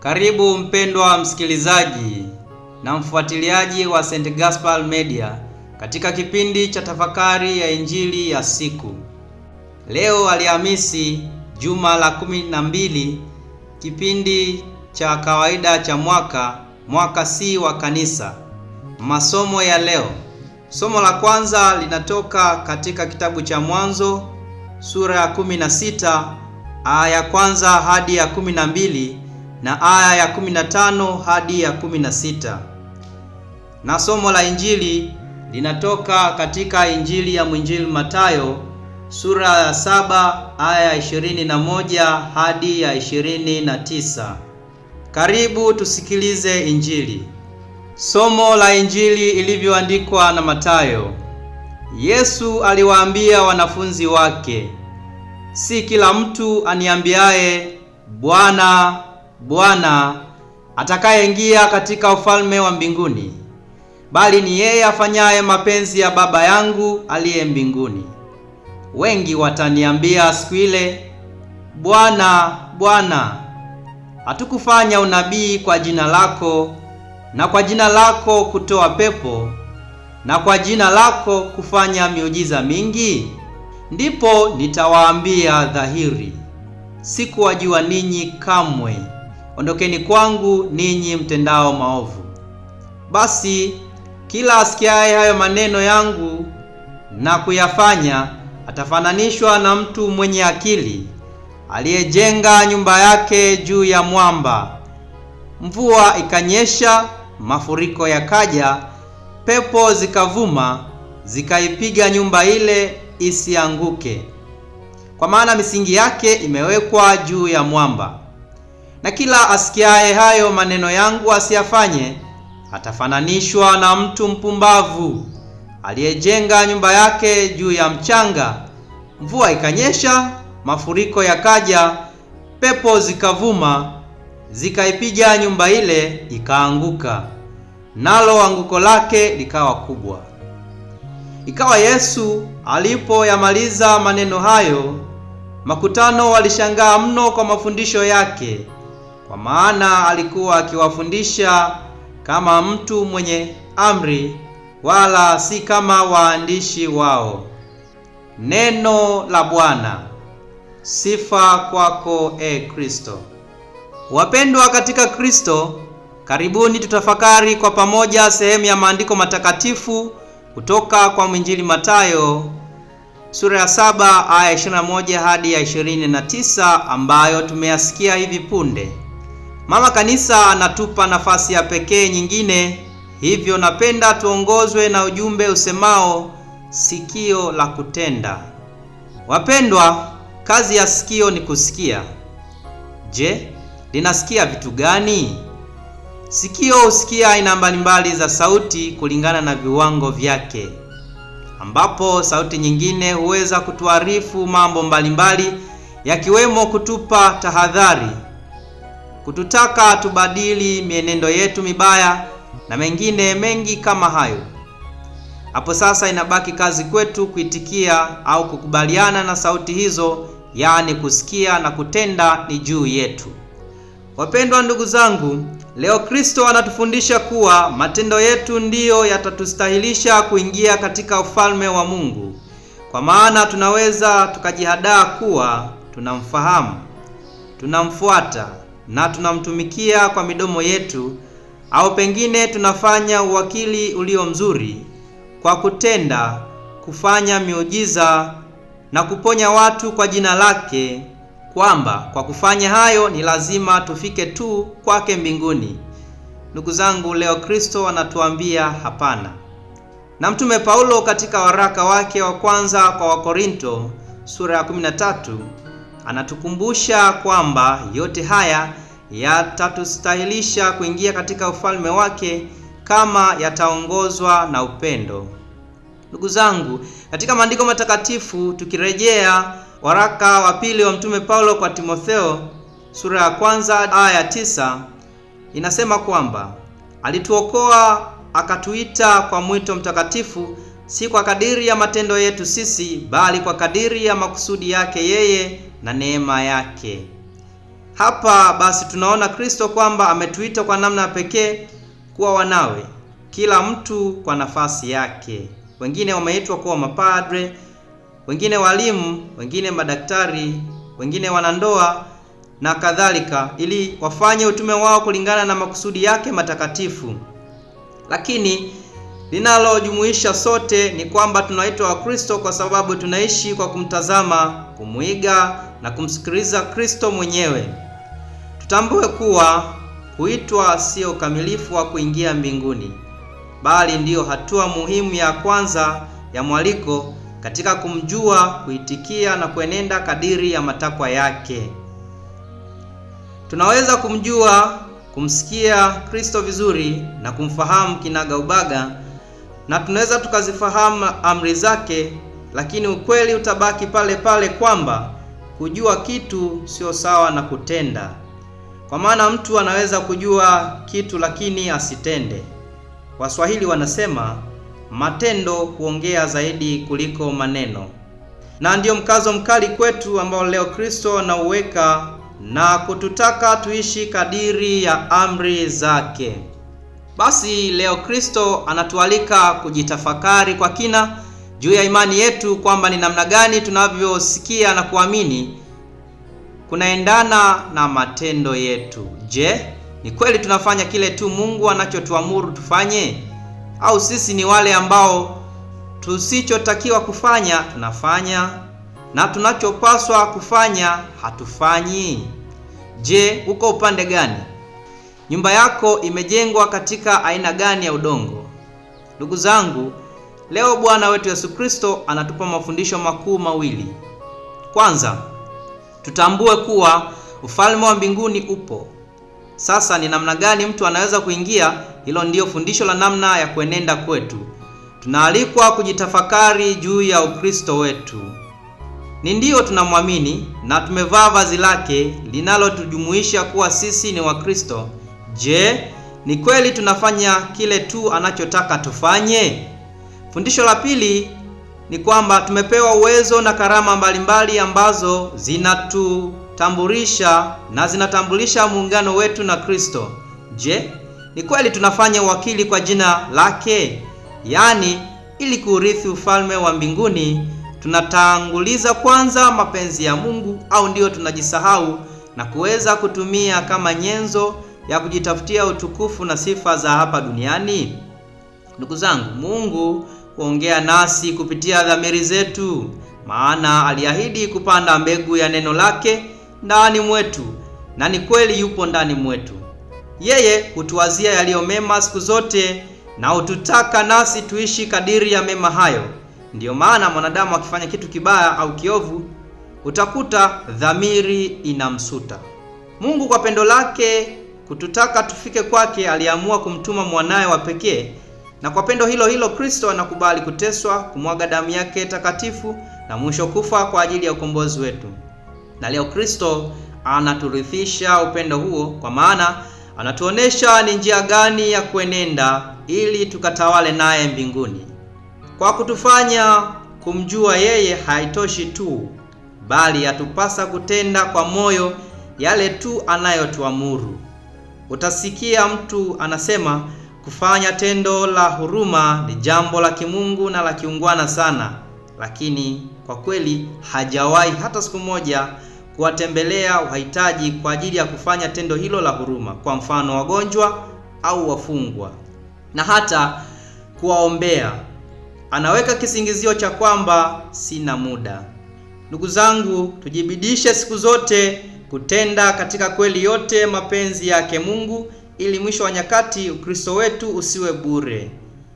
Karibu mpendwa msikilizaji na mfuatiliaji wa St. Gaspar Media katika kipindi cha tafakari ya injili ya siku leo Alhamisi, juma la kumi na mbili, kipindi cha kawaida cha mwaka mwaka si wa kanisa. Masomo ya leo, somo la kwanza linatoka katika kitabu cha Mwanzo sura ya 16 aya ya kwanza hadi ya 12 na aya ya 15 hadi ya 16, na somo la injili linatoka katika Injili ya mwinjili matayo sura ya 7 aya ya 21 hadi ya 29. Karibu tusikilize injili. Somo la injili ilivyoandikwa na matayo Yesu aliwaambia wanafunzi wake, si kila mtu aniambiaye Bwana Bwana atakayeingia katika ufalme wa mbinguni, bali ni yeye afanyaye mapenzi ya Baba yangu aliye mbinguni. Wengi wataniambia siku ile, Bwana, Bwana, hatukufanya unabii kwa jina lako, na kwa jina lako kutoa pepo, na kwa jina lako kufanya miujiza mingi? Ndipo nitawaambia dhahiri, sikuwajua ninyi kamwe ondokeni kwangu ninyi mtendao maovu. Basi kila asikiaye hayo maneno yangu na kuyafanya atafananishwa na mtu mwenye akili aliyejenga nyumba yake juu ya mwamba. Mvua ikanyesha, mafuriko yakaja, pepo zikavuma, zikaipiga nyumba ile isianguke, kwa maana misingi yake imewekwa juu ya mwamba na kila asikiaye hayo maneno yangu asiyafanye, atafananishwa na mtu mpumbavu aliyejenga nyumba yake juu ya mchanga, mvua ikanyesha, mafuriko yakaja, pepo zikavuma, zikaipiga nyumba ile, ikaanguka, nalo anguko lake likawa kubwa. Ikawa Yesu alipoyamaliza maneno hayo, makutano walishangaa mno kwa mafundisho yake kwa maana alikuwa akiwafundisha kama mtu mwenye amri, wala si kama waandishi wao. Neno la Bwana. Sifa kwako e Kristo. Wapendwa katika Kristo, karibuni tutafakari kwa pamoja sehemu ya maandiko matakatifu kutoka kwa mwinjili Mathayo sura ya 7 aya 21 hadi ya 29 ambayo tumeyasikia hivi punde. Mama Kanisa anatupa nafasi ya pekee nyingine, hivyo napenda tuongozwe na ujumbe usemao sikio la kutenda. Wapendwa, kazi ya sikio ni kusikia. Je, linasikia vitu gani? Sikio husikia aina mbalimbali za sauti kulingana na viwango vyake, ambapo sauti nyingine huweza kutuarifu mambo mbalimbali, yakiwemo kutupa tahadhari kututaka tubadili mienendo yetu mibaya na mengine mengi kama hayo. Hapo sasa inabaki kazi kwetu kuitikia au kukubaliana na sauti hizo, yaani kusikia na kutenda ni juu yetu. Wapendwa ndugu zangu, leo Kristo anatufundisha kuwa matendo yetu ndiyo yatatustahilisha kuingia katika ufalme wa Mungu. Kwa maana tunaweza tukajihadaa kuwa tunamfahamu, tunamfuata na tunamtumikia kwa midomo yetu, au pengine tunafanya uwakili ulio mzuri kwa kutenda, kufanya miujiza na kuponya watu kwa jina lake, kwamba kwa kufanya hayo ni lazima tufike tu kwake mbinguni. Ndugu zangu, leo Kristo anatuambia hapana. Na Mtume Paulo katika waraka wake wa kwanza kwa Wakorinto sura ya 13 Anatukumbusha kwamba yote haya yatatustahilisha kuingia katika ufalme wake kama yataongozwa na upendo. Ndugu zangu, katika maandiko matakatifu tukirejea waraka wa pili wa mtume Paulo kwa Timotheo sura ya kwanza aya ya tisa inasema kwamba alituokoa akatuita kwa mwito mtakatifu, si kwa kadiri ya matendo yetu sisi, bali kwa kadiri ya makusudi yake yeye na neema yake. Hapa basi tunaona Kristo kwamba ametuita kwa namna pekee kuwa wanawe, kila mtu kwa nafasi yake. Wengine wameitwa kuwa mapadre, wengine walimu, wengine madaktari, wengine wanandoa na kadhalika, ili wafanye utume wao kulingana na makusudi yake matakatifu. Lakini linalojumuisha sote ni kwamba tunaitwa Wakristo kwa sababu tunaishi kwa kumtazama, kumwiga na kumsikiliza Kristo mwenyewe. Tutambue kuwa kuitwa sio ukamilifu wa kuingia mbinguni, bali ndiyo hatua muhimu ya kwanza ya mwaliko katika kumjua, kuitikia na kuenenda kadiri ya matakwa yake. Tunaweza kumjua, kumsikia Kristo vizuri na kumfahamu kinaga ubaga, na tunaweza tukazifahamu amri zake, lakini ukweli utabaki pale pale kwamba kujua kitu sio sawa na kutenda, kwa maana mtu anaweza kujua kitu lakini asitende. Waswahili wanasema matendo huongea zaidi kuliko maneno, na ndiyo mkazo mkali kwetu ambao leo Kristo anauweka na kututaka tuishi kadiri ya amri zake. Basi leo Kristo anatualika kujitafakari kwa kina juu ya imani yetu kwamba ni namna gani tunavyosikia na kuamini kunaendana na matendo yetu. Je, ni kweli tunafanya kile tu Mungu anachotuamuru tufanye, au sisi ni wale ambao tusichotakiwa kufanya tunafanya na tunachopaswa kufanya hatufanyi? Je, uko upande gani? Nyumba yako imejengwa katika aina gani ya udongo? Ndugu zangu, Leo Bwana wetu Yesu Kristo anatupa mafundisho makuu mawili. Kwanza, tutambue kuwa ufalme wa mbinguni upo. Sasa ni namna gani mtu anaweza kuingia? Hilo ndiyo fundisho la namna ya kuenenda kwetu. Tunaalikwa kujitafakari juu ya Ukristo wetu. Ni ndiyo tunamwamini na tumevaa vazi lake linalotujumuisha kuwa sisi ni Wakristo. Je, ni kweli tunafanya kile tu anachotaka tufanye? Fundisho la pili ni kwamba tumepewa uwezo na karama mbalimbali ambazo zinatutambulisha na zinatambulisha muungano wetu na Kristo. Je, ni kweli tunafanya uwakili kwa jina lake? Yaani, ili kuurithi ufalme wa mbinguni tunatanguliza kwanza mapenzi ya Mungu au ndiyo tunajisahau na kuweza kutumia kama nyenzo ya kujitafutia utukufu na sifa za hapa duniani? Ndugu zangu, Mungu kuongea nasi kupitia dhamiri zetu, maana aliahidi kupanda mbegu ya neno lake ndani mwetu, na ni kweli yupo ndani mwetu. Yeye hutuwazia yaliyo mema siku zote na hututaka nasi tuishi kadiri ya mema hayo. Ndiyo maana mwanadamu akifanya kitu kibaya au kiovu, utakuta dhamiri inamsuta. Mungu kwa pendo lake kututaka tufike kwake, aliamua kumtuma mwanaye wa pekee na kwa pendo hilo hilo Kristo anakubali kuteswa, kumwaga damu yake takatifu na mwisho kufa kwa ajili ya ukombozi wetu. Na leo Kristo anaturithisha upendo huo, kwa maana anatuonesha ni njia gani ya kuenenda ili tukatawale naye mbinguni. Kwa kutufanya kumjua yeye haitoshi tu, bali atupasa kutenda kwa moyo yale tu anayotuamuru. Utasikia mtu anasema Kufanya tendo la huruma ni jambo la kimungu na la kiungwana sana, lakini kwa kweli hajawahi hata siku moja kuwatembelea wahitaji kwa ajili ya kufanya tendo hilo la huruma, kwa mfano wagonjwa au wafungwa, na hata kuwaombea. Anaweka kisingizio cha kwamba sina muda. Ndugu zangu, tujibidishe siku zote kutenda katika kweli yote mapenzi yake Mungu ili mwisho wa nyakati Ukristo wetu usiwe bure.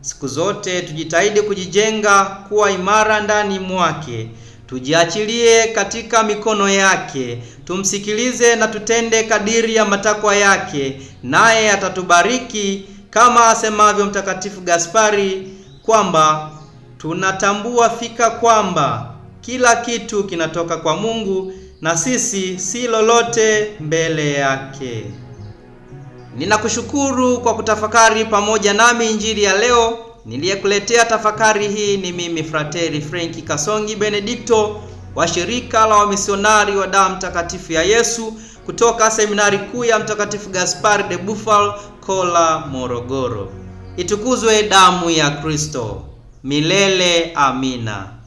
Siku zote tujitahidi kujijenga kuwa imara ndani mwake, tujiachilie katika mikono yake, tumsikilize na tutende kadiri ya matakwa yake, naye atatubariki kama asemavyo Mtakatifu Gaspari kwamba tunatambua fika kwamba kila kitu kinatoka kwa Mungu na sisi si lolote mbele yake. Ninakushukuru kwa kutafakari pamoja nami injili ya leo. Niliyekuletea tafakari hii ni mimi Frateri Frenki Kasongi Benedikto wa shirika la wamisionari wa, wa damu mtakatifu ya Yesu kutoka seminari kuu ya Mtakatifu Gaspar de Bufal, Kola, Morogoro. Itukuzwe damu ya Kristo! Milele amina!